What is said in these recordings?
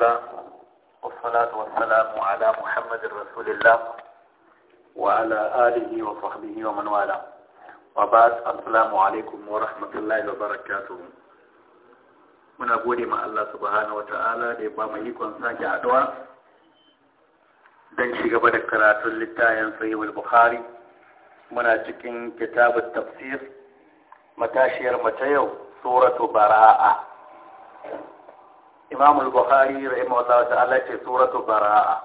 الله والصلاة والسلام على محمد رسول الله وعلى آله وصحبه ومن والاه وبعد السلام عليكم ورحمة الله وبركاته من أقول مع الله سبحانه وتعالى لبما يكون ساجع دعا دن شقب ذكرات للتاين في البخاري من أجل كتاب التفسير متاشير متيو سورة براءة imam al-bukhari ta ta'ala ce suratu bara'a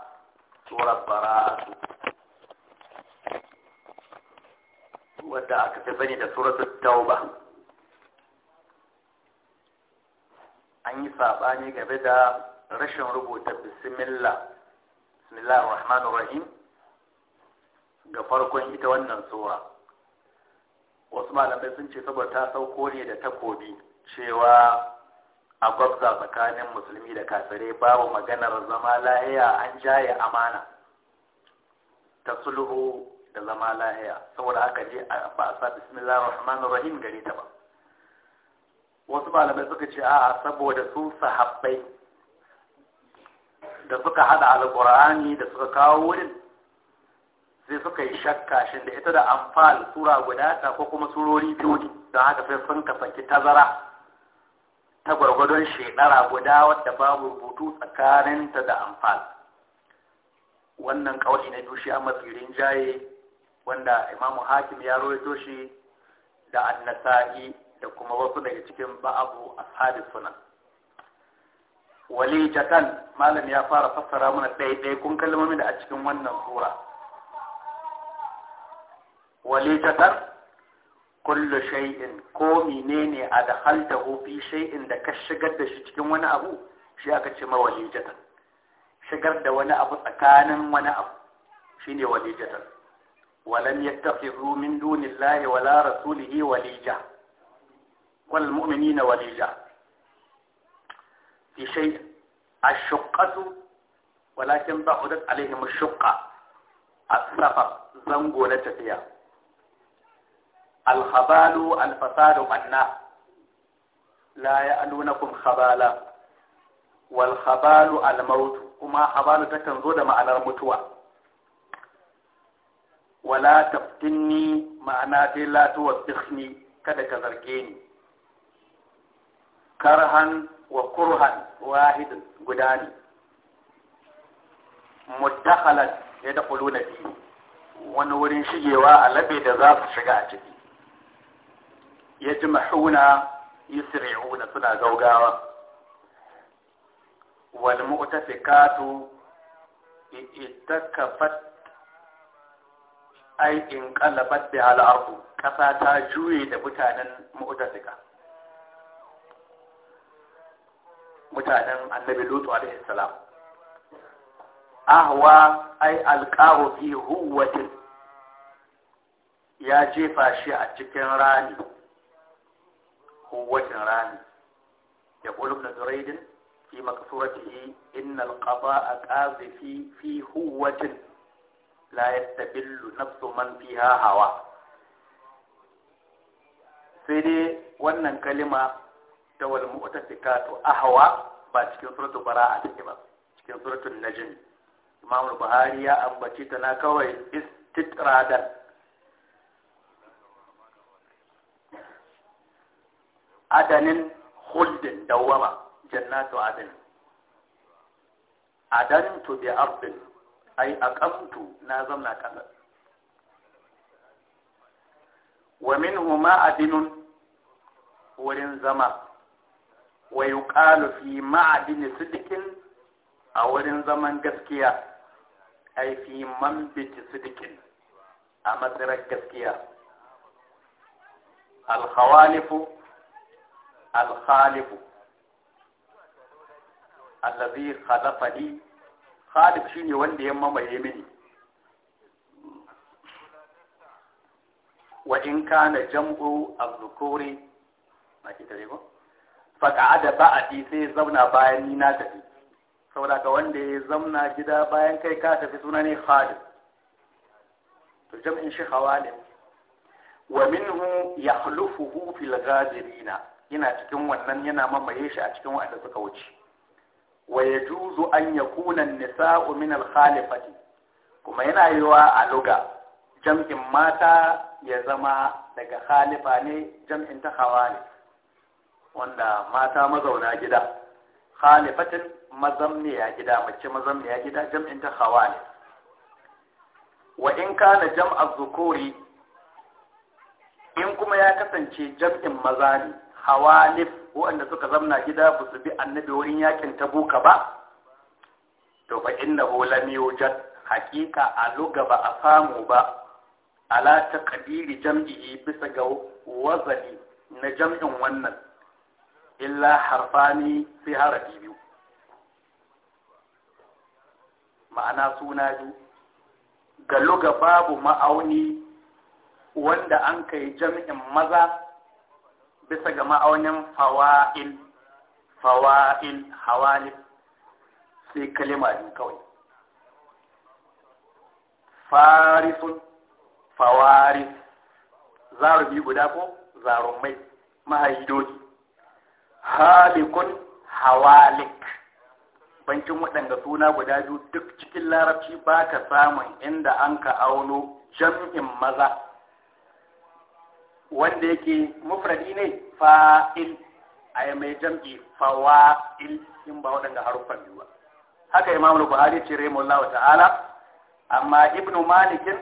surat bara'a wadda aka fi da suratu tauba an yi sabani game da rashin rubuta bismillah bismillah rahman rahim ga farkon ita wannan sura wasu malamai sun ce saboda ta sauko ne da takobi cewa a gwabza tsakanin musulmi da kafirai babu maganar zama lahiya an jaye amana ta sulhu da zama lahiya saboda aka je a fasa bismillah rahman rahim gare ta ba wasu malamai suka ce a saboda su sahabbai da suka hada alkur'ani da suka kawo wurin sai suka yi shakka shin da ita da amfal sura guda ta ko kuma surori biyu ne don haka sai sun kasance tazara ta gwargwadon shekara guda wadda babu rubutu tsakaninta da amfal wannan kawai na dushi a matsirin jaye wanda imamu hakim ya rawaito shi da annasa'i da kuma wasu daga cikin ba'abu a ashabi suna wali jatan malam ya fara fassara mana ɗaiɗai kun kalmomi da a cikin wannan sura wali jatan kullu shay'in ko menene adhaltahu fi shay'in da ka shigar da shi cikin wani abu shi aka ce walijatan shigar da wani abu tsakanin wani abu shine walijatan walam yattakhidhu min dunillahi wala rasulihi walija wal mu'minina walija fi shay'in ash-shuqqatu walakin ba'udat alaihim zango na tafiya alhabalu alfasadu manna la ya'lunakum khabala wal khabalu kuma Habalu takan zo da ma'anar mutuwa wala taftinni ma'ana dai la tuwaddikhni kada ka zarge ni karhan wa kurhan wahidin guda ne mutakhalan ya da fi wani wurin shigewa a labe da za su shiga a ciki Ya ji يجمحون يسرعون سنا غوغاوا والمؤتفكات اتكفت ai in kalabat da al'arku ƙasa ta juye da mutanen ka. mutanen annabi lutu alaihi salam ahwa ai alqahu fi huwatin ya jefa shi a cikin rani kowace rani ya ƙulub na zuraidin fi makasuratihi innal qada qazifi fi huwatin la yastabillu nafsu man fiha hawa sai dai wannan kalima ta wal mu'tasikatu ahwa ba cikin suratul bara'a take ba cikin suratul najm imam buhari ya ambaci ta na kawai istitradan adanin huldin dawama jannatu adin adantu bi ardin ay aqamtu na zamna kaza. wa min huma adinun wurin zama wa yuqalu fi ma'adin sidikin a wurin zaman gaskiya ay fi manbiti sidikin a matsarar gaskiya al khawalifu الخالق الذي خلقني خالق شيني وند يما ماي مني وإن كان جمع الذكور ما كتريكو فقعد بعدي سي زمنا بايني نا تفي saboda ka wanda ya zamna gida bayan kai ka tafi suna ne khalid to jam'in shi khawalid wa minhu yakhlufuhu fil na. yana cikin wannan yana mamaye shi a cikin wa'anda suka wuce wa yajuzu an yakuna an-nisa'u min al-khalifati kuma yana yiwa a luga jam'in mata ya zama daga khalifa ne jam'in ta khawali wanda mata mazauna gida khalifatin mazamniya gida mace mazamniya gida jam'in ta khawali wa in kana jam'a zukuri in kuma ya kasance jam'in maza ne hawalif waɗanda suka zamna gida ba su bi annabi wurin yakin tabuka ba to fa hu lam yujad haqiqa a ba a samu ba ala taqdiri jam'i bisa ga wazani na jam'in wannan illa harfani fi harfi biyu ma'ana suna biyu ga luga babu ma'auni wanda an kai jam'in maza bisa ga ma'aunin fawa'il fawa'il hawali sai kalima din kawai farisun fawaris zarubi guda ko zarumai mahaidoki halikun hawalik bankin waɗanda suna guda biyu duk cikin larabci ba ka samun inda an ka auno jam'in maza wanda yake mufradi ne fa'il a mai jam'i fawa'il in ba waɗanda haruffan biyu ba haka imamul buhari ce wa ta'ala amma ibnu malikin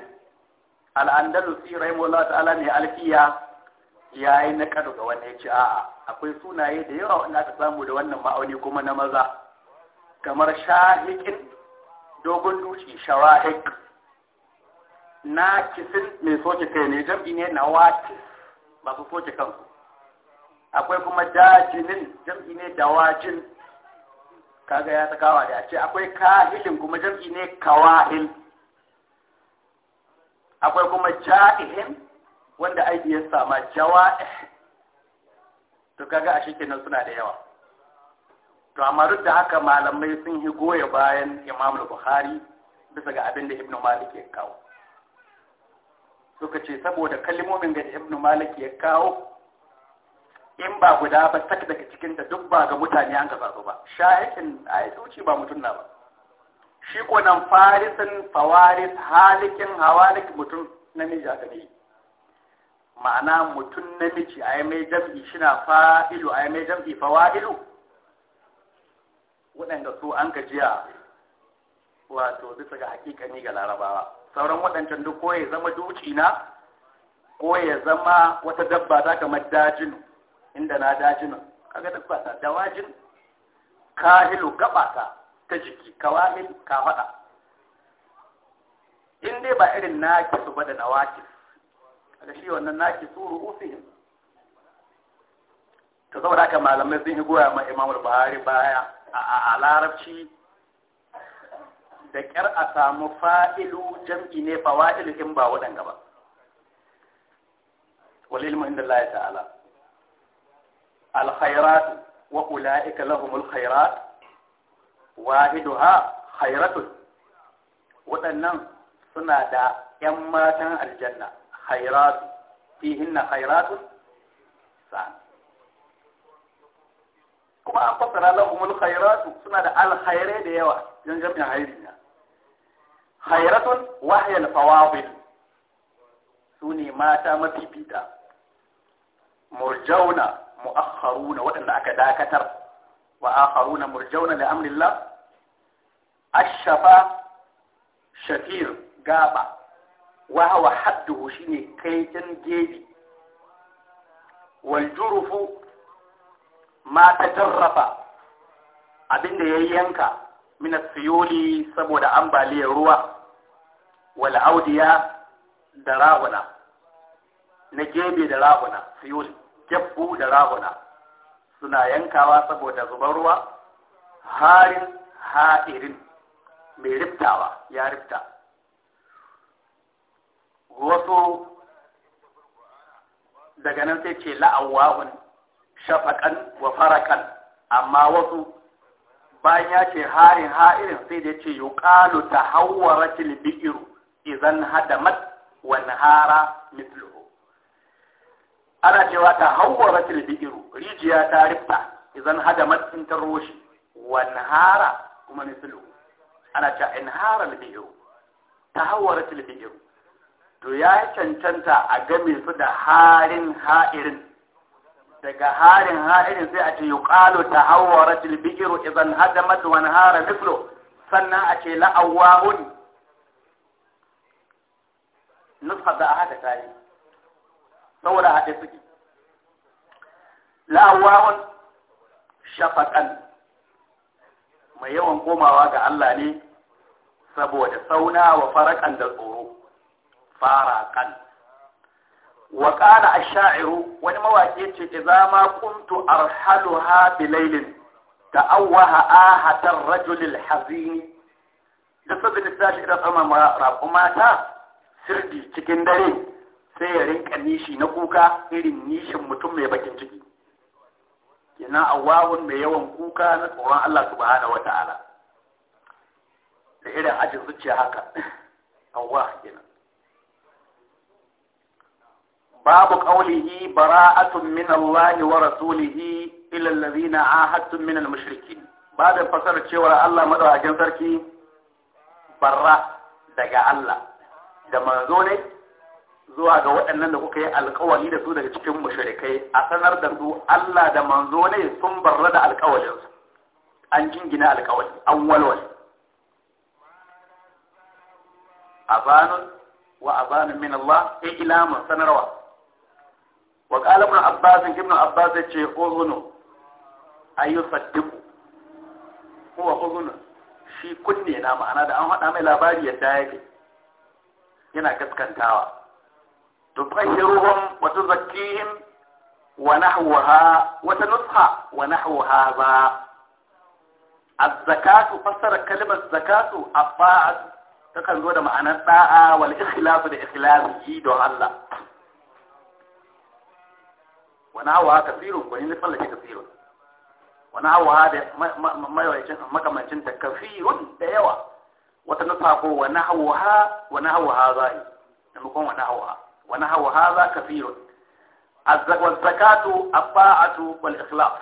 al-andalusi wa ta'ala ne alfiya yayi na kado ga wanda ce a'a akwai sunaye da yawa wanda aka samu da wannan ma'auni kuma na maza kamar shahikin dogon dushi shawahik na kisin mai soke kai ne jam'i ne na watis ba ku soke kanku akwai kuma dajinin jam'i ne dawajin kaga ya kawa da ce akwai kahilin kuma jam'i ne kawahil akwai kuma ja'ihin wanda aiki ya sama jawa'ih to kaga a shi kenan suna da yawa to amma duk da haka malamai sun yi goya bayan imam bukhari bisa ga abin da ibn malik ya kawo suka ce saboda kalmomin da ibnu malik ya kawo in ba guda ba tak daga cikin ta duk ba ga mutane an gaba ba shahikin ai zuci ba mutum na ba shi ko nan farisin fawaris halikin hawalik mutum namiji aka ne ma'ana mutum namiji a yi mai jam'i shina fa'ilu a yi mai jam'i fawa'ilu waɗanda su an gajiya wato bisa ga hakika ni ga larabawa sauran waɗancan duk ko ya zama duci na ko ya zama wata dabba ta kamar dajin inda na dajin kaga dabba ta dawajin kahilu gaba ta ta jiki kawamin ka faɗa in dai ba irin naki su bada na waki kaga shi wannan naki su ru'usihim ta saboda haka malamai sun yi goya ma imamul buhari baya a larabci da ƙyar a samu fa'ilu jam'i ne fawa'ilu in ba waɗanda ba wal ilmu inda Allah ta'ala al khairat wa ulaika lahumul khairat wahiduha khairatun waɗannan suna da ‘yan matan aljanna fihin na khairatun sa'an kuma a fasara lahumul khairatu suna da alkhairai da yawa jan jami'in hairi na khairatun wahyal fawadil su ne mata mafifita murjauna mu'akharuna waɗanda aka dakatar wa akharuna murjauna da amrillah ashafa shafir gaba wa hawa hadduhu shine kaitin gebi wal jurufu ma tajarrafa abinda ya yanka min siyoli saboda ambaliyar ruwa wal audiya da raguna na gebe da raguna siyoli jabbu da raguna suna yankawa saboda zubar ruwa harin ha'irin mai riftawa ya rifta wasu daga nan sai ce la'awawun shafakan wa farakan amma wasu bayan ya ce harin ha'irin sai da ya ce yuqalu bi'iru, izan hada hadamat wa nahara mitlo ana cewa ta tahawwaratil bi'iru, rijiya ta rifa izan hadamat sun ta roshi wa nahara kuma mitlo ana cewa bi'iru, ta hauwa tahawwaratil bi'iru. to ya cancanta a game su da harin ha'irin daga harin ha'irin sai a ce yuqalu tahawwaratil bikiru idan hadamat wani hara mithlu sannan a ce la'awahun Nufar da a haka tare saboda haɗe suke suke la'awahun shafaƙan mai yawan komawa ga Allah ne saboda sauna wa farakan da tsoro fara kan wa qala ash-sha'iru wani mawaki ce idza ma kuntu arhaluha bilailin ta'awwaha ahata ar-rajul al-hazin da sabin tashi idan sama rafu mata sirdi cikin dare sai ya rinka nishi na kuka irin nishin mutum mai bakin ciki ina awawun mai yawan kuka na tsoron Allah subhanahu wata'ala da irin ajin zuciya haka awwa kenan babu qawlihi bara'atun min Allah wa rasulihi ila alladhina ahadtum min al-mushrikin babin fasar cewa Allah madawakin sarki barra daga Allah da manzo ne zuwa ga waɗannan da kuka yi alkawari da su daga cikin mushrikai a sanar da su Allah da manzo ne sun barra da alkawarinsu an jingina alkawari an walwale abanun wa abanun min Allah ila ilamun sanarwa wa qala ibn abbas ibn ce yace uzunu ayu saddiqu huwa uzunu shi kunne na ma'ana da an hada mai labari yadda yake yana kaskantawa tutahhiruhum wa tuzakkihim wa nahwaha wa tanusha wa nahwaha ba الزكاة فسر zo da ma'anar تكن زود معنى da والإخلاص yi دون Allah. ونحوها كثير وإن لفن كثير ونحوها هذا ما يوجد مكمنشن كثير ديوا وتنصحه ونحوها ونحو هذا نقوم ونحوها ونحو هذا كثير والزكاة الطاعة والإخلاص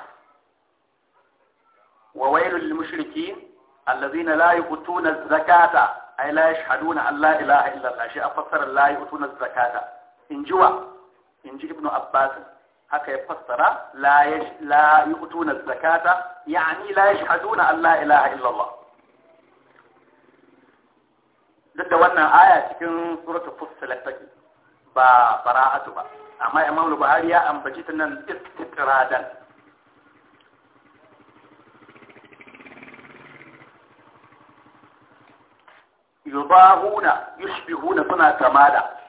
وويل للمشركين الذين لا يؤتون الزكاة أي لا يشهدون أن لا إله إلا الله شيء أفسر لا يؤتون الزكاة إن جوا إن جي ابن عباس هكا يفسر لا يش... لا يؤتون الزكاة يعني لا يشهدون أن لا إله إلا الله لذا وانا آية تكون سورة فصل التجي ببراءة با أما إمام البهاري أم بجيتنا استقرادا يضاهون يشبهون سنة كمالا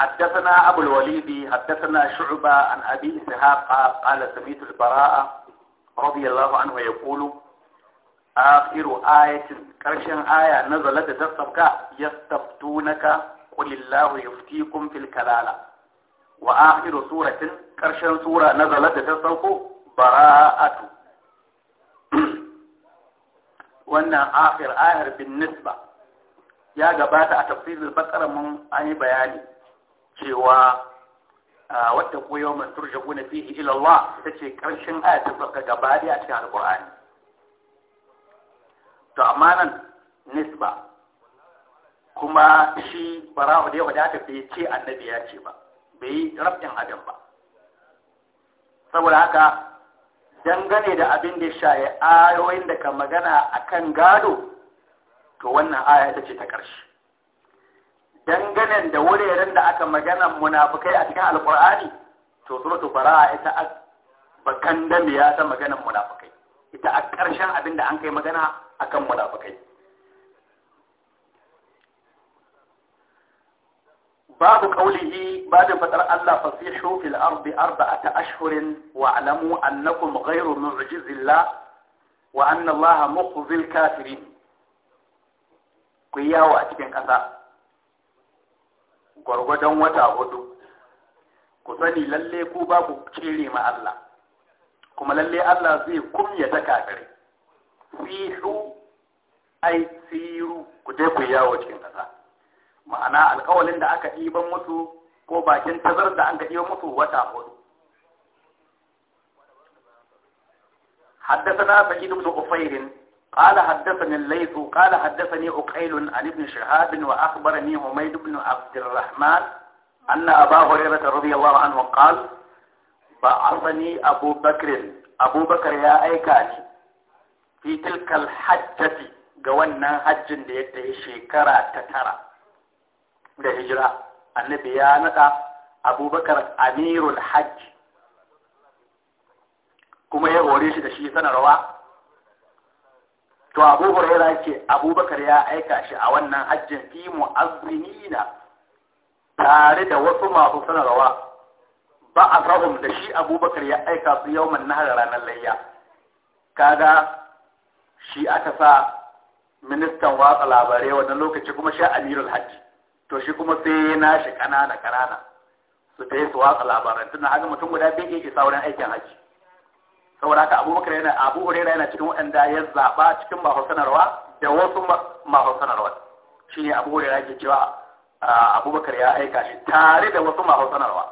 حدثنا أبو الوليد حدثنا شعبة عن أبي إسحاق قال سميت البراء رضي الله عنه يقول آخر آية كرشن آية نزلت تستبكى يستفتونك قل الله يفتيكم في الكلالة وآخر سورة كرشن سورة نزلت تستبكى براءة وأن آخر آية بالنسبة يا جبات أتفسير البقرة من أي بياني cewa ah, wata koyo man turja'una fihi ilallah ta ita ce ƙarshen ayatun baka gaba da a cikin alƙur'ani, to amma nan nisba kuma shi bara'u da yawa da aka bai ce annabi ya ce ba bai yi rabin adam ba saboda haka dangane da abin da shaye ayoyin daga ka magana kan gado to wannan aya ita ce ta ƙarshe dangane da wuraren da aka magana munafukai a cikin alkur'ani to suratu fara'a ita a bakan ya ta magana munafukai ita a ƙarshen abin da an kai magana akan munafukai babu qaulihi babin fatar Allah fasihu fil ardi arba'ata ashhurin wa alamu annakum ghayru mu'jizillah wa anna Allah mukhzil kafirin ku yawo a cikin ƙasa gwargwadon wata hudu ku sani lalle ku ba ku ma Allah kuma lalle Allah zai kumya ta kafirai sihu ai siru ku dai ku yawo cikin ƙasa ma'ana alƙawalin da aka ɗiban musu ko bakin tazar da an ɗiban musu wata hudu حدثنا سعيد بن غفير قال حدثني الليث قال حدثني أقيل عن ابن شهاب وأخبرني حميد بن عبد الرحمن أن أبا هريرة رضي الله عنه قال بعثني أبو بكر أبو بكر يا أيكاني في تلك الحجة قولنا حج ليته شكرا تترى لهجرة النبي يا نتا أبو بكر أمير الحج كما يقول ليش تشيثنا رواه to abu huraira yake abubakar ya aika shi a wannan hajjin fi mu'azzinina tare da wasu masu sanarwa ba a sahun da shi abubakar ya aika su man nahar ranar layya kaga shi aka sa ministan watsa labarai wannan lokaci kuma shi amirul hajji to shi kuma sai na shi kanana kanana su ta yi su watsa labaran tunan haka mutum guda bai iya isa wurin aikin hajji saboda haka abu bakar yana abu huraira yana cikin wanda ya zaba cikin ba sanarwa da wasu masu sanarwa shi ne abu huraira ke cewa abu bakar ya aika shi tare da wasu ma sanarwa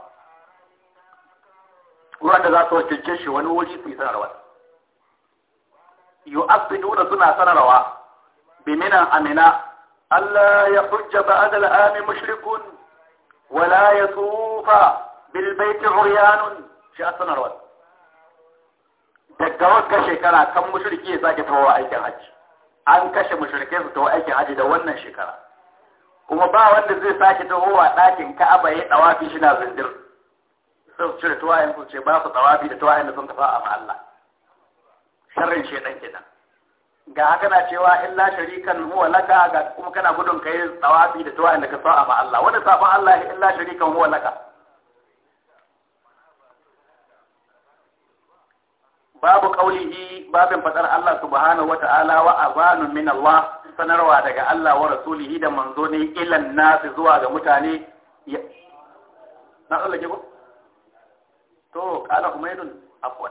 wurin da za su wakilce shi wani wuri su yi sanarwa asbidu da suna sanarwa biminan amina Allah ya hujja ba adal al'ami mushrikun wala ya tsufa bil baiti uryanun shi sanarwa daga wata shekara kan mushriki ya sake tawo aikin hajji an kashe mushrikai su tawo aikin hajji da wannan shekara kuma ba wanda zai sake wa ɗakin ka'aba ya ɗawafi shi na zindir sai su cire tawayen su ce ba su tawafi da tawayen da sun tafa a Allah sharrin shaidan kenan ga haka na cewa illa sharikan huwa laka ga kuma kana gudun kai tawafi da tawayen da ka sa a Allah wanda sabon Allah illa sharikan huwa laka babu qaulihi babin fadar Allah subhanahu wata'ala wa azanun min Allah sanarwa daga Allah wa rasulihi da manzo ne ilan nasi zuwa ga mutane na tsallake ko to qala humaydun afwan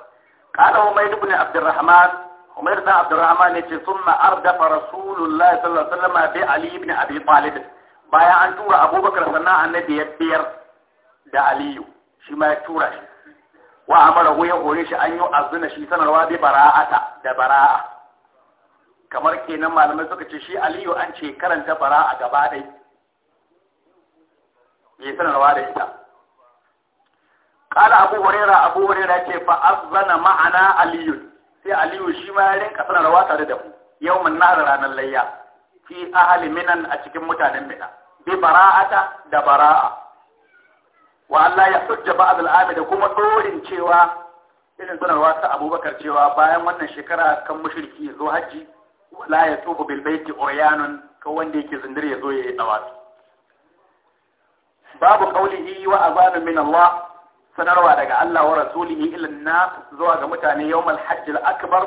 qala humayd ibn abdurrahman humayd ibn abdurrahman yace thumma ardafa rasulullahi sallallahu alaihi wasallam bi ali ibn abi talib bayan an tura abubakar sannan annabi ya biyar da aliyu shi ma ya tura shi wa amarahu ya hore shi an yi azuna shi sanarwa bi bara'ata da bara'a kamar kenan malamai suka ce shi aliyu an ce karanta bara'a gaba dai mai sanarwa da ita kala abu hurera abu hurera ce fa azana ma'ana aliyu sai aliyu shi ma ya rinka sanarwa tare da mu yau mun nahar ranar layya fi ahli minan a cikin mutanen mina bi bara'ata da bara'a wa Allah ya hujja ba'd al'ami da kuma dorin cewa irin sanarwa ta Abubakar cewa bayan wannan shekara kan mushriki zo haji wala ya tubu bil baiti uryanun ko wanda yake zindir ya zo yayi dawafi babu qawlihi wa azanun min Allah sanarwa daga Allah wa rasulihi ila nas zuwa ga mutane yawmal hajj al akbar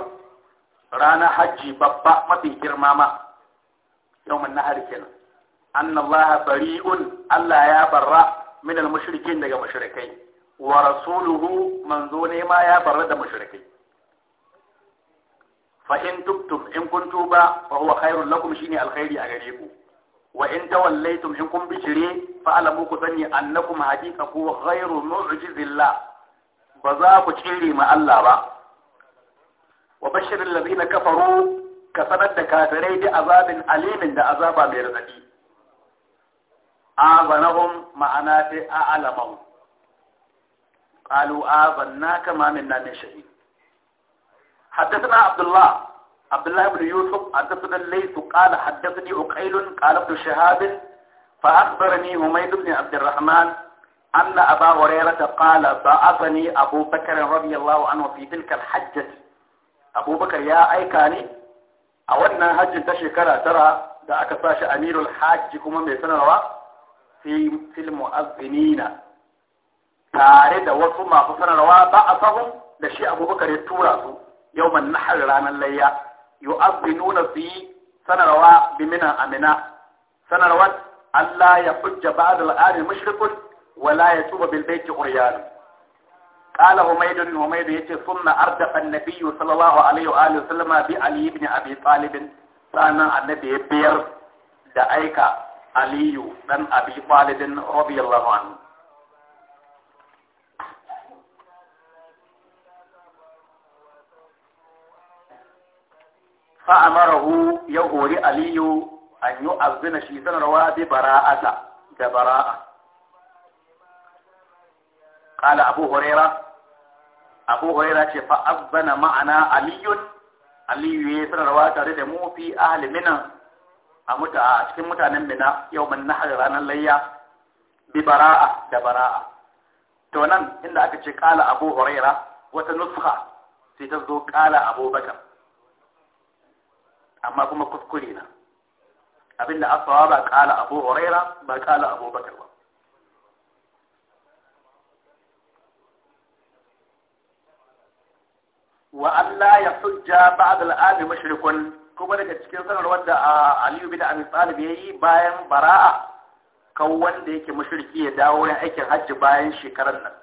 rana hajji babba mafi girma ma yawmal nahar kenan anna Allah bari'un Allah ya barra Mina al-mushrikin daga mushrikai wa rasuluhu manzo ne ma ya barra da mushrikai fa in tubtum in kun tuba fa huwa khairul lakum shine alkhairi a gare ku wa in tawallaytum in kun bishire fa alamu ku sani annakum haqiqa ku ghairu mu'jizillah ba za ku cire ma Allah ba wa bashirin lazina kafaru ka sanar da kafirai a zabin alimin da azaba mai radadi آذنهم معناته أعلمهم قالوا آذناك ما منا من شيء حدثنا عبد الله عبد الله بن يوسف حدثنا الليث قال حدثني عقيل قال ابن شهاب فأخبرني هميد بن عبد الرحمن أن أبا هريرة قال بعثني أبو بكر رضي الله عنه في تلك الحجة أبو بكر يا أيكاني أولنا هج تشكرا ترى da aka أمير الحاج كما kuma رواه في في المؤذنين تاري دا وصو ما خفنا روا بعثهم لشي أبو بكر يتورا يوم النحر رانا الليا يؤذنون في سنة روا بمنا أمنا سنة روا لا يفج بعد الآن المشرق ولا يتوب بالبيت عريان قال هميد هميد يتي ثم أردق النبي صلى الله عليه وآله وسلم بعلي بن أبي طالب سانا النبي بير دا أيكا علي بن أبي طالب رضي الله عنه فأمره يقول علي أن يؤذن شيطان رواه براءة ببراءة قال أبو هريرة أبو هريرة فأذن معنا علي علي يسر رواد رد موفي أهل منه a muta a cikin mutanen mina yau man nahar ranar layya bi bara'a da bara'a to nan inda aka ce kala abu huraira wata nusha sai ta zo kala abubakar amma kuma kuskure na abinda asawa ba kala abu huraira ba kala abubakar ba wa Allah ya hujja ba'd al-ami mushrikun kuma daga cikin sanarwar da aliyu bin abi talib ya yi bayan bara'a kan wanda yake mushriki ya dawo wurin aikin hajji bayan shekarar nan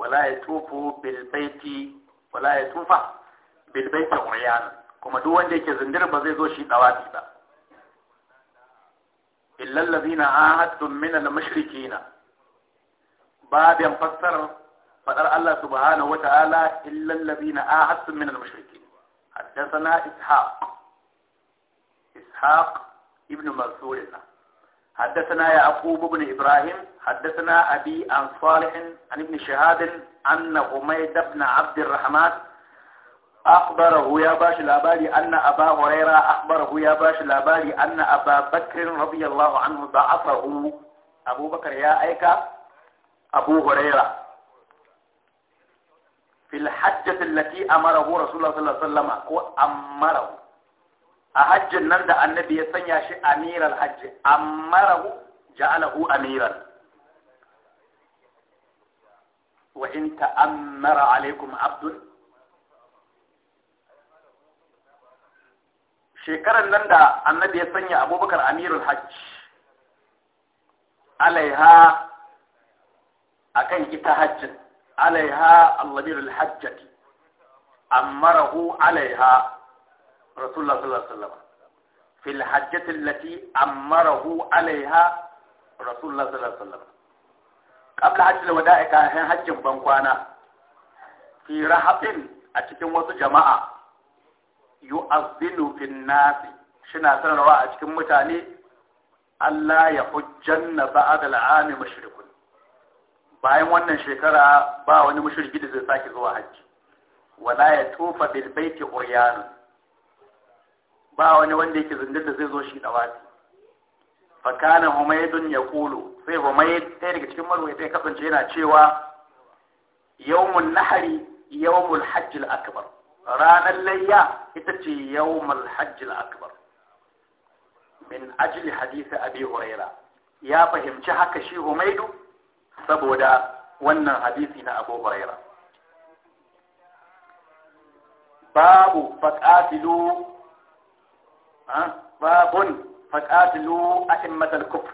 wala ya tufu bil baiti wala ya tufa bil baiti uryan kuma duk wanda yake zindir ba zai zo shi dawafi ba illa allazina ahadtum min al mushrikina babin fassarar fadar Allah subhanahu wa ta'ala illa allazina ahadtum min al mushrikina حدثنا إسحاق إسحاق ابن منصور حدثنا يعقوب بن إبراهيم حدثنا أبي عن صالح عن ابن شهاد أن أميد بن عبد الرحمن أخبره يا باش الأباري أن أبا هريرة أخبره يا باش الأباري أن أبا بكر رضي الله عنه ضعفه أبو بكر يا أيكا أبو هريرة fil hajjati allati amarahu rasulullah sallallahu ko amarahu a hajjin nan da annabi ya sanya shi amiral hajji amarahu ja'alahu amiran wa in ta'ammara alaikum abdun shekarar nan da annabi sanya abubakar amirul hajj akan ita hajjin عليها الضمير الحجة أمره عليها رسول الله صلى الله عليه وسلم في الحجة التي أمره عليها رسول الله صلى الله عليه وسلم قبل حج الوداع كان حج بنقوانا في رحب أتكلم وسط جماعة يؤذن في الناس شنا سنرى أتكلم متاني Allah ya hujjanna ba'ad al'ami mashriku bayan wannan shekara ba wani mushriki da zai sake zuwa hajji wala ya tofa bil baiti uryanun ba wani wanda yake zindar da zai zo shi dawati fa kana humaydun yaqulu sai humayd sai daga cikin marwayi sai kasance yana cewa yawmun nahari yawmul hajj al akbar ranar layya ita ce yawmul hajj al akbar min ajli hadisi abi huraira ya fahimci haka shi humaidu saboda wannan hadisi na Abu Huraira babu faqatilu ha babun faqatilu a'immat al-kufr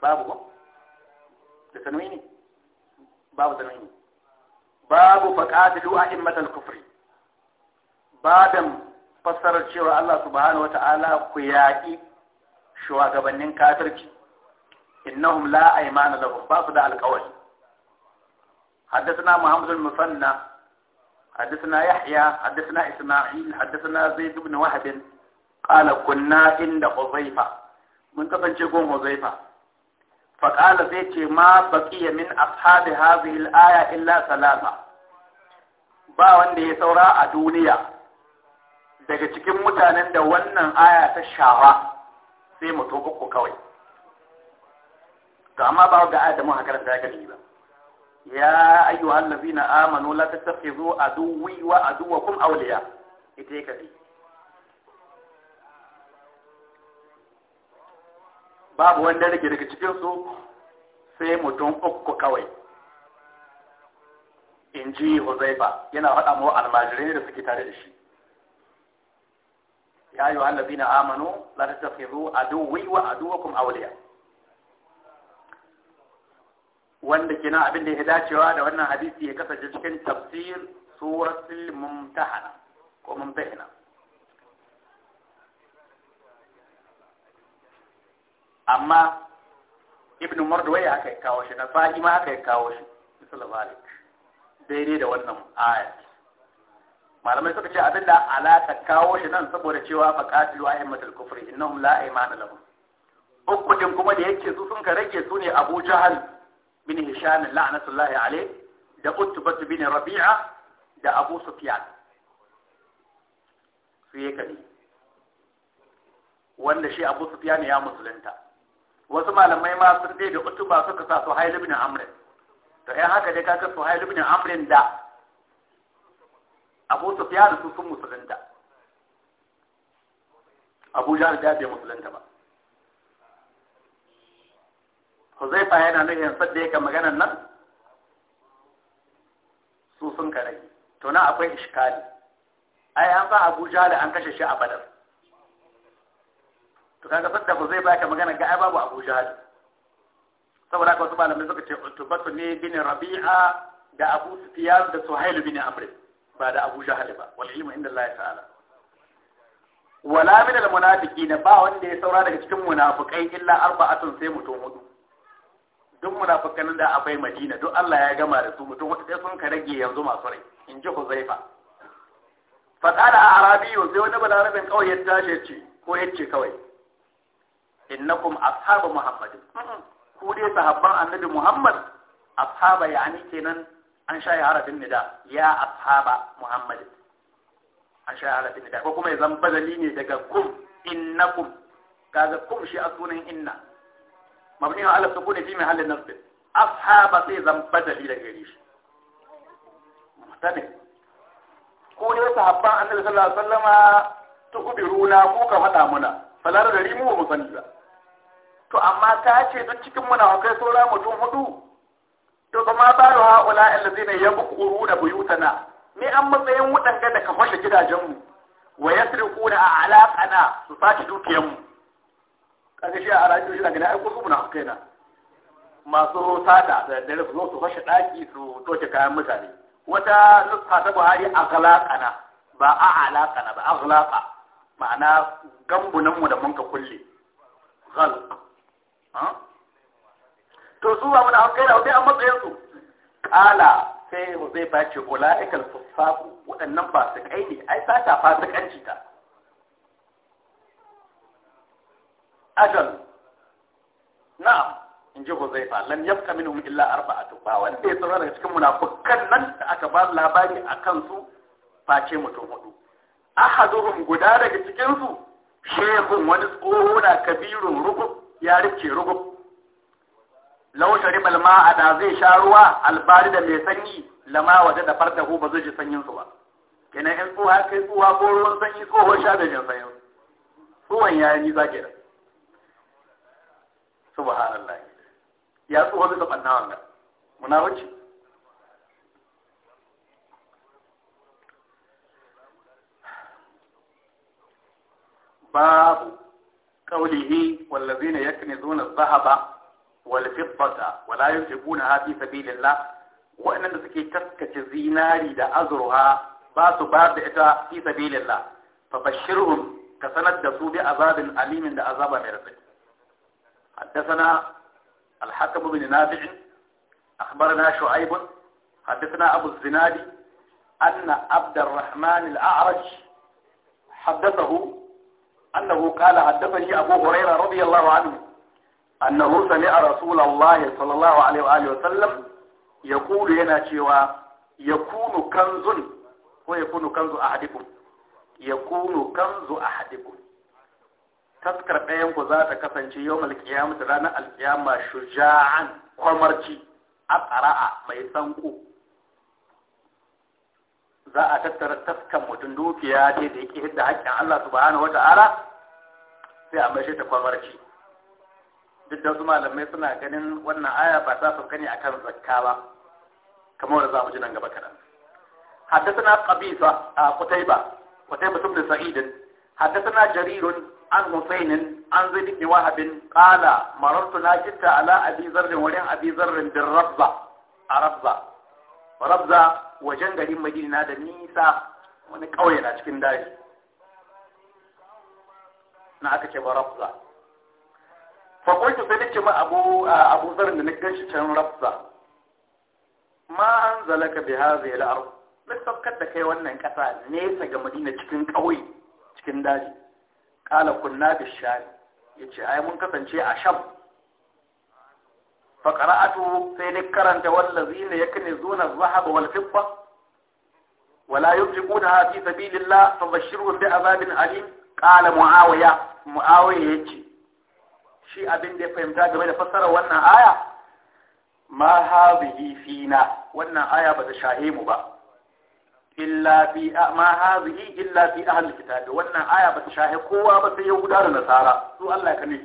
babu da ne babu tanwini babu faqatilu a'immat al-kufr badan fassarar cewa Allah subhanahu wa ta'ala ku yaki shugabannin kafirci innahum la aymana lahum ba su da alƙawari حدثنا محمد المثنى حدثنا يحيى حدثنا إسماعيل حدثنا زيد بن وهب قال كنا عند حذيفة من كفنشكم حذيفة فقال زيد ما بقي من أصحاب هذه الآية إلا ثلاثة ba wanda ya saura a duniya daga cikin mutanen da wannan aya ta shawa sai mutum uku kawai to amma ba ga ayat da mun karanta ya kace ba ya ayu allazina amanu la tattakhidhu aduwwi wa aduwwakum awliya ita yake ba babu wanda yake daga cikin su sai mutum uku kawai in ji Huzaifa yana faɗa mu almajirai da suke tare da shi ya ayyuhal ladina amanu la tattakhidhu aduwwi wa aduwwakum awliya wanda kenan abin da ya dacewa da wannan hadisi ya kasance cikin tafsir suratul mumtahana ko mumtahana amma ibn mardawai aka kai kawo shi na fahima ma aka kawo shi misal malik daidai da wannan ayat malamai suka ce abin da alaka kawo shi nan saboda cewa faqatilu ahimmatul kufri innahum la imana lahum ukudin kuma da yake su sun ka rage su ne abu jahal bin Hisham la'natullahi alayh da Utbah bin Rabi'a da Abu Sufyan su yi kadi wanda shi Abu Sufyan ya musulunta wasu malamai ma sun dai da Utbah suka sa Suhail bin Amr to ai haka dai su Suhail bin Amr da Abu Sufyan su sun musulunta Abu Jahl da bai musulunta ba zai fa yana nufin da yake maganar nan su sun kare to na akwai iskali ai an ba abuja da an kashe shi a badar to kaga sadda zai baka magana ga ai babu abuja da saboda haka wasu malamai suka ce utubatu ne bin rabi'a da abu sufyan da suhailu bin amr ba da abu jahal ba wal ilmu inda Allah ta'ala wala min al munafiqina ba wanda ya saura daga cikin munafikai illa arba'atun sai mutum hudu duk munafikan da akwai madina duk Allah ya gama da su mutum wata sai sun ka rage yanzu masu rai in ji huzaifa faɗaɗa a arabiyu sai wani balarabin kawai ya tashi ya ce ko ya ce kawai innakum ashabu muhammadin ku dai sahabban annabi muhammad ashaba yani kenan an sha harafin nida ya ashaba muhammadin an sha harafin nida ko kuma ya zan badali ne daga kum innakum kaga kum shi a sunan inna مبني على السكون في محل النصب اصحاب سيزا بدل إلى غيريش محتمل ko dai sahabban annabi sallallahu alaihi wasallama tukubiruna ko ka faɗa muna falar da mu mu sani ba to amma ka ce duk cikin muna kai saura mutum hudu to kuma ba da haula allazina yabquru da buyutana ni an matsayin waɗanda da ka gidajen mu wa yasriquna a alaƙana su dukiyan mu kaga shi a rajo shi na gani ai ko su na kai na masu sata da dare su zo su fashe daki su toke kayan mutane wata nuska ta Buhari aghlaqana ba a alaqana ba aghlaqa ma'ana gambunan mu da mun ka kulle ghalq to su ba mun kai da an matsayin su kala sai zai bace su fusaqu waɗannan ba su kai ne ai sata fasikanci ta ajal na'am in ji Huzaifa lam yabqa minhum illa arba'atu ba wanda ya tsara daga cikin munafikan nan da aka ba labari akan su face mutum hudu ahaduhum guda daga cikin su shehun wani tsoho na kabirun rugub ya rike rugub law shariba al-ma'a da zai sha ruwa albari da mai sanyi lama waje da ko ba zai ji sanyin su ba kenan in tsoha kai tsoha ko ruwan sanyi tsohon sha da jin sanyin tsohon ya yi nisa kenan subhanallah ya tsoho bisa banna wannan munafici babu قوله والذين يكنزون الذهب والفضة ولا ينفقونها في سبيل الله وإن تسكي تسكة زيناري دا أزرها باس باب إتا في سبيل الله فبشرهم كسند دسو بعذاب أليم دا عذاب مرسل حدثنا الحكم بن نافع أخبرنا شعيب حدثنا أبو الزناد أن عبد الرحمن الأعرج حدثه أنه قال حدثني أبو هريرة رضي الله عنه أنه سمع رسول الله صلى الله عليه وآله وسلم يقول هنا شوى يكون كنز ويكون كنز أحدكم يكون كنز أحدكم taskar ɗayan ku za ta kasance yau malkiyamata ranar alƙiyama shuja'an kwamarci a tsara'a mai tsanko za a tattara taskan mutum dukiya ce da yake hidda haƙƙin Allah subhanahu wa ta'ala sai a maishe ta kwamarci duk da wasu malamai suna ganin wannan aya ba ta sauka ne akan zakka ba kamar da za mu ji nan gaba kaɗan حدثنا قبيصة قتيبة قتيبة بن سعيد حدثنا جرير an husainin an zai dike wahabin ƙala marartu na kitta ala abi zarrin wurin abi zarrin bin rabza a rabza rabza wajen garin madina da nisa wani ƙauye na cikin daji na aka ce ba rabza fakultu sai dike ma abu abu zarrin da na ganshi can rabza ma an zalaka bi hazi al-ard lissafkar da kai wannan kasa nesa ga madina cikin ƙauye cikin daji qala kunna bishari yace ai mun kasance a sham fa qara'atu sai ni karanta wallazina yaknizuna adh-dhahaba wal fidda wala yunfiquna fi sabilillah fabashshirhum bi'adhabin alim qala muawiya muawiya yace shi abin da ya fahimta game da fassara wannan aya ma hadhihi fina wannan aya ba ta shahe mu ba illa fi ma hazihi illa fi ahli kitabi wannan aya ba ta shahe kowa ba sai yahuda da nasara su Allah ka ne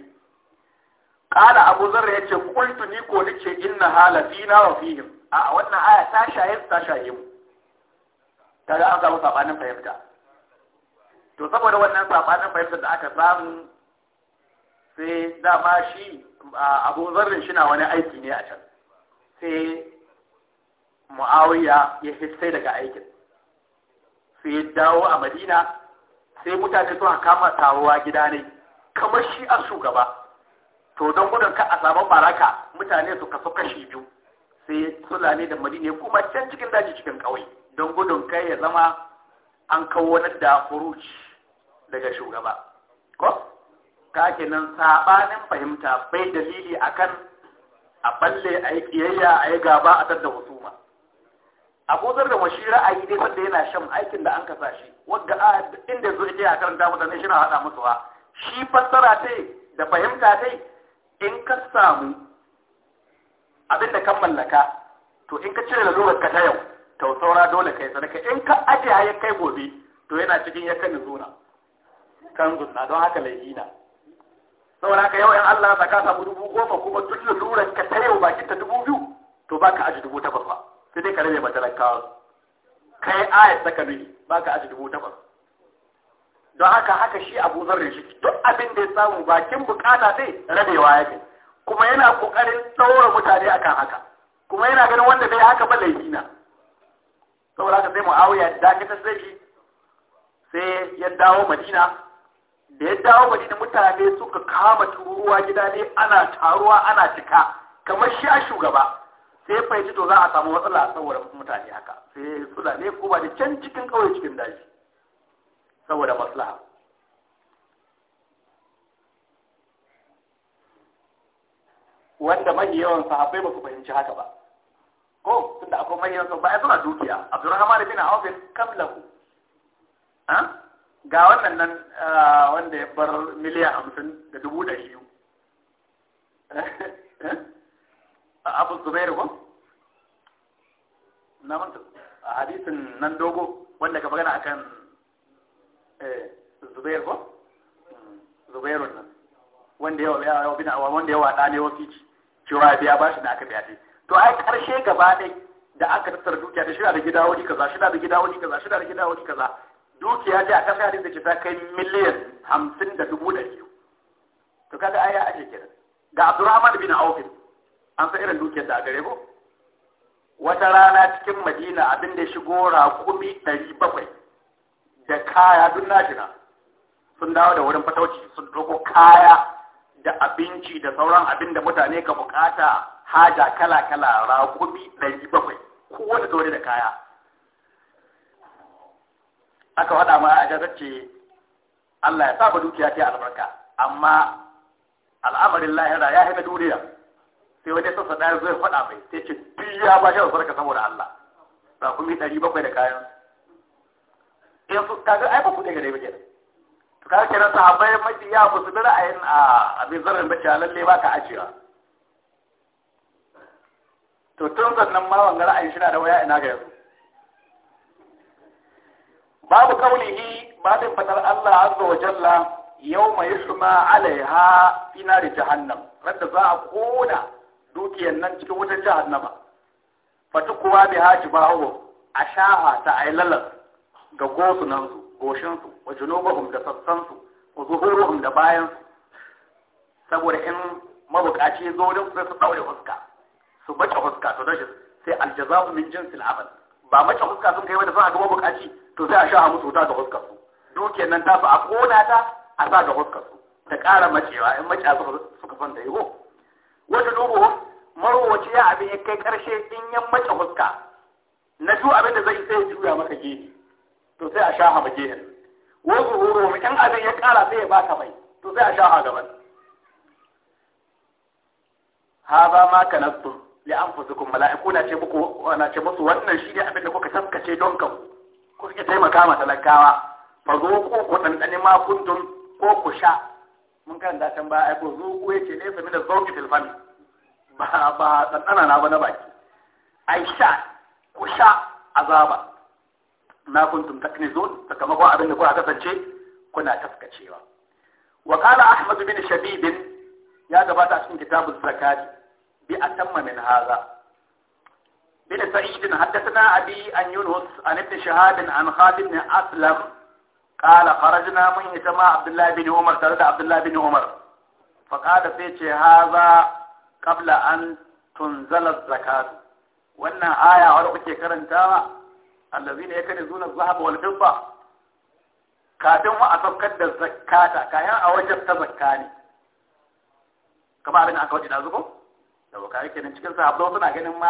qala abu zarra yace qultu ni ko nace inna halafina wa fihim a wannan aya ta shahe ta shahe mu kaga an samu sabanin fahimta to saboda wannan sabanin fahimta da aka samu sai dama shi abu zarrin shi na wani aiki ne a can sai mu'awiya ya hissai daga aikin sai ya dawo a madina sai mutane suna kama tawowa gida ne kamar shi a shugaba to don gudun ka a sabon baraka mutane su kaso kashi biyu sai sulane da madina kuma can cikin daji cikin ƙauye don gudun kai ya zama an kawo wani da huruj daga shugaba ko ka kenan sabanin fahimta bai dalili akan a balle a yi kiyayya a yi gaba a tattar husuma A abuzar da mashi ra'ayi dai sanda yana shan aikin da an kasa shi wadda a inda zo ita ya karanta mutane shi na hada musu ha shi fassara ce da fahimta ce in ka samu abin da kan mallaka to in ka cire lalurar ka ta yau to saura dole kai sadaka in ka aje ya kai gobe to yana cikin ya kan zuna kan zuna don haka laihina saboda ka yau in Allah saka samu dubu goma kuma duk lalurar ka ta yau baki ta dubu biyu to baka aji dubu takwas ba sai dai ka rage matalakawa kai ayat saka ne ba ka aji dubu takwas don haka haka shi abu zarre shi duk abin da ya samu bakin bukata sai rabewa yake kuma yana kokarin tsawara mutane akan haka kuma yana ganin wanda bai haka ba laifi na saboda haka sai mu'awiya da ka sai shi sai ya dawo madina da ya dawo madina mutane suka kama tururuwa gida ne ana taruwa ana cika kamar shi a shugaba sai fahimci to za a samu matsala saboda mutane haka sai sula ne ko ba da can cikin kawai cikin daji saboda maslaha wanda mai yawan sahabbai ba su fahimci haka ba ko tunda akwai mai yawan ba ai suna dukiya Abdurrahman bin Auf kamlahu ha ga wannan nan ah, wanda ya bar miliyan hamsin da dubu 100 abu zubairu ko na manta a hadisin nan dogo wanda ka magana akan eh, zubairu ko zubairu nan wanda yawa yawa bina awa wanda yawa da ne wofi cewa biya ba shi da aka biya dai to ai karshe gaba ɗaya da aka tattara dukiya da shida da gida wani kaza shida da gida wani kaza shida da gida wani kaza dukiya dai a kasa hadin da ke ta kai miliyan hamsin da dubu da biyu to kaga ai ya ake kenan ga Abdurrahman bin Auf an san irin dukiyar da a gare ko wata rana cikin madina abin da shigo raƙumi ɗari bakwai da kaya duk nashina sun dawo da wurin fatauci sun doko kaya da abinci da sauran abin da mutane ka bukata haja kala-kala raƙumi ɗari bakwai kowane dore da kaya aka faɗa ma a jazar ce Allah ya saba dukiya ta albarka amma al'amarin lahira ya haifa duniya sai wajen sassa ɗaya zai faɗa mai sai ce duk ya ba shi sadaka saboda Allah rakumi ɗari bakwai da kayan in su kaga ai ba kuɗi gare ba kenan to kaga kenan sahabbai ya ba su da ra'ayin a abin zarar ba cewa lalle ba ka ajiya to tun sannan ma wanga ra'ayin shi na da waya ina ga yanzu babu kaulihi babin fatar Allah azza wa jalla yawma yushma alaiha fi nari jahannam radda za a kona dukiyar nan cikin wutar jahannama kuwa bi haji ba bawo a shaha ta ailalar ga gosunansu goshinsu wa junubahum da sassansu wa zuhuruhum da bayansu saboda in mabukaci zo wurin sai su daure huska su bace huska to dashi sai aljazabu min jinsi amal ba mace huska sun kai wanda sun ga mabukaci to sai a shaha musu wuta ga huskar su dukiyar nan ta fi a kona ta a sa ga huskar su da ƙara macewa in mace suka suka son da yi ko wata dubu marowaci ya abin ya kai karshe in yan mace huska na ju abin da zai sai juya maka ke to sai a shaha ma gehen wa zuhuru mu kan abin ya kara sai ya baka mai to sai a shaha gaban haba ma kanastum li anfusikum mala'iku na ce muku na ce musu wannan shi ne abin da kuka tafkace don kan ku suke taimaka ma talakawa fa zo ku ku dandane ma kuntum ko ku sha mun kan da can ba ai ko zuku yake ne sami da zauki fil fami ba ba tsanana na ba na baki ai sha ku sha azaba na kuntum taknizun sakamakon abin da kuka kasance kuna taskacewa wa qala ahmad bin shabib ya gabata a cikin kitabul zakati bi atamma min hadha بن سعيد حدثنا أبي أن يونس عن ابن شهاب عن خالد بن أسلم قال خرجنا من يتما عبد الله بن عمر ترد عبد الله بن عمر فقال سيتي هذا قبل أن تنزل الزكاة وأن آية عرقك كرنتا الذين يكنزون الذهب والفضة kafin mu a saukar da zakata kayan a wajen ta zakka ne kamar abin da aka wajen zubo da bukari kenan cikin sahabbai suna ganin ma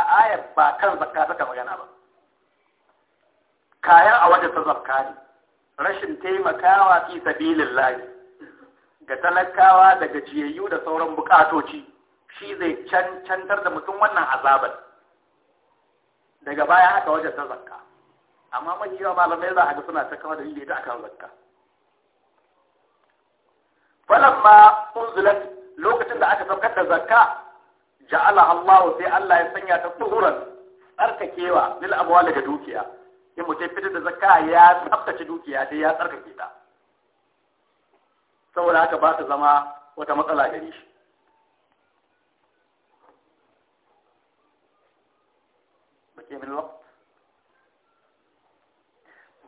ba kan zakka ta magana ba kayan a wajen ta zakka rashin taimakawa fi sabilin layi ga talakawa da gajiyayyu da sauran bukatoci shi zai cancantar da mutum wannan azabar daga baya haka wajen ta zakka amma majiya malamai za a ga suna ta kawo dalili ta akan zakka falamma unzulat lokacin da aka saukar da zakka ja'ala Allah sai Allah ya sanya ta tsuhuran tsarkakewa lil daga daga dukiya in mutum fitar da zakka ya tsaftace dukiya sai ya tsarkake ta saboda haka ba ta zama wata matsala gare shi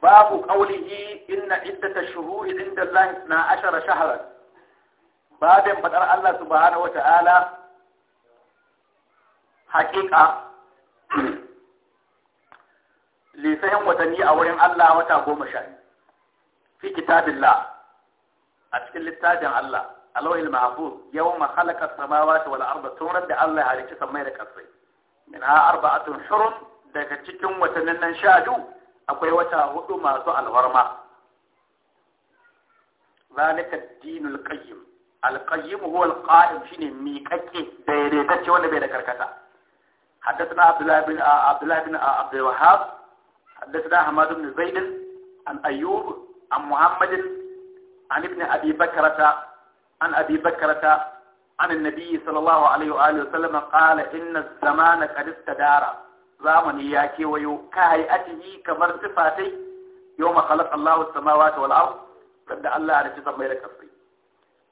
babu qawlihi inna iddatash shuhuri inda Allah 12 shahran babin fadar Allah subhanahu ta'ala. haƙiƙa lisayen watanni a wurin Allah wata goma sha fi kitabillah a cikin littafin Allah alawil mahfuz yawma khalaqa samawati wal arda turan da Allah halicci samai da kasai min ha arba'atun hurun daga cikin watannin nan sha biyu akwai wata hudu masu alwarma zalika dinul qayyim القيم هو القائم شيني ميكاكي wanda bai da كركتا حدثنا عبد الله بن عبد الله بن عبد الوهاب حدثنا حماد بن زيد عن أيوب عن محمد عن ابن أبي بكرة عن أبي بكرة عن النبي صلى الله عليه وآله وسلم قال إن الزمان قد استدار زمن ياكي ويو كهيئته كمر صفاتي يوم خلق الله السماوات والأرض قد الله على جزم بيرك الصين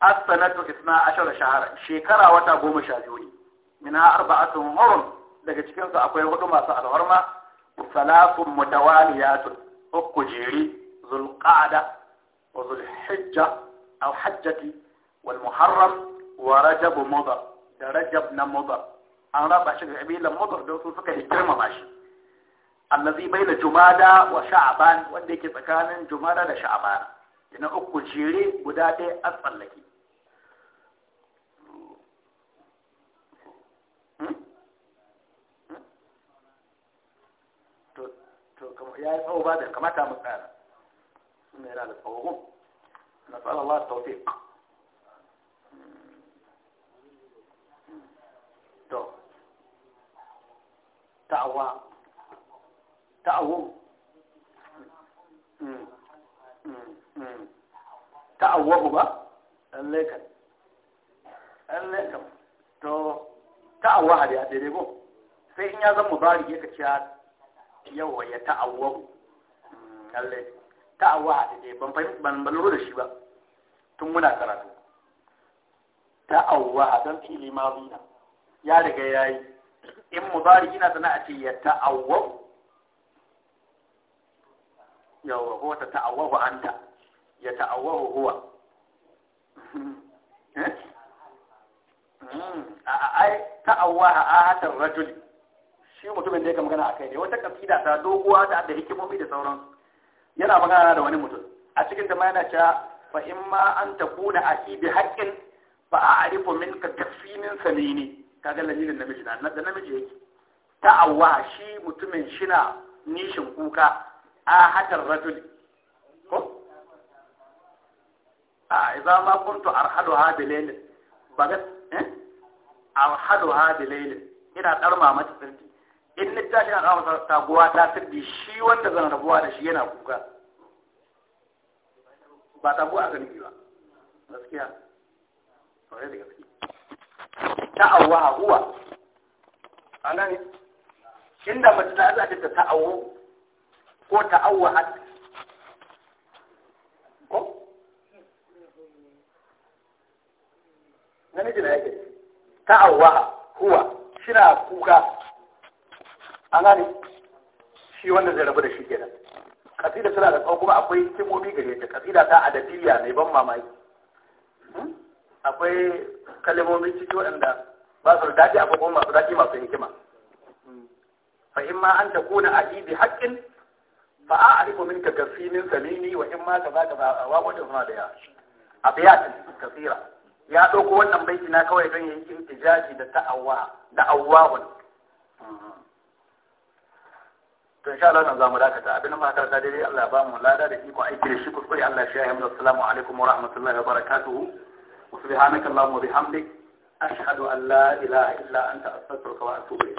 السنة اثنا عشر شهرا شكرا وتا قوم شاجوني منها أربعة هرم daga cikinsu akwai hudu masu alharma ثلاث متواليات الكجيري ذو القعدة وذو الحجة أو حجة والمحرم ورجب مضر درجب رجب مضر أنا رابع شكل عبيل مضر ده وصول الجرمة ماشي الذي بين جمادة وشعبان وديك تكان جمادة لشعبان لأنه أكو جيري أصل لكي ya yi tsawo ba da kamata mu tsara sun yana da tsawo na tsara Allah tawfiq to ta'awa ta'awun hmm. hmm. hmm. ta'awwahu ba lallai kan lallai kan to ta'awwaha da daidai ko sai in ya zama mubari ya kace yawa ya ta'awwahu lalle ta'awwaha da ban fahimta ban ban da shi ba tun muna karatu ta'awwaha don fili ma mazina ya riga ya yi in mudari yana sana a ce ya ta'awwahu yawa ko ta ta'awwahu anta ya ta'awwahu huwa eh? hmm. ai ta'awwaha ahatar rajuli shi mutumin da yake magana a kai ne wata kasida ta doguwa ta da hikimomi da sauransu yana magana da wani mutum a cikin ta ma yana cewa fa in ma an takuna aki bi haqqin fa a'rifu minka tafsinin samini kaga lamirin namiji na da namiji yake Ta ta'awwa shi mutumin shina nishin kuka a hatar rajul ko a idza ma kuntu arhaduha bi laylin bagat eh arhaduha bi laylin ina darma mata sirri in littafin a kama taguwa ta sirri shi wanda zan rabuwa da shi yana kuka ba taguwa aka nufi ba gaskiya sauye da gaske ta'awwa huwa a nan inda mace ta zaɗi ta ta'awo ko ta'awwa a ko na nijina yake ta'awwa huwa na kuka an gane shi wanda zai rabu da shi kenan kasida suna da kuma akwai kimomi gare ta kasida ta adabiyya mai ban mamaki hmm? akwai kalmomin ciki waɗanda ba su dace a kuma masu dace masu hikima hmm. fa in ma an ta kuna a ibi haƙƙin fa a a rikomin ka kafinin salini wa in ma ka za ka ba a waƙoƙin suna da yawa a biyatin kasira ya ɗauko wannan baiki na kawai don yin tijaji da ta'awwa da awwa'un hmm. to insha Allah za mu dakata abin ma ta daidai Allah ba mu lada da iko aiki da shi kuskure Allah shi ya yi assalamu alaikum wa rahmatullahi wa barakatuhu wa subhanaka allahumma wa bihamdik ashhadu an la ilaha illa anta astaghfiruka wa atubu ilayk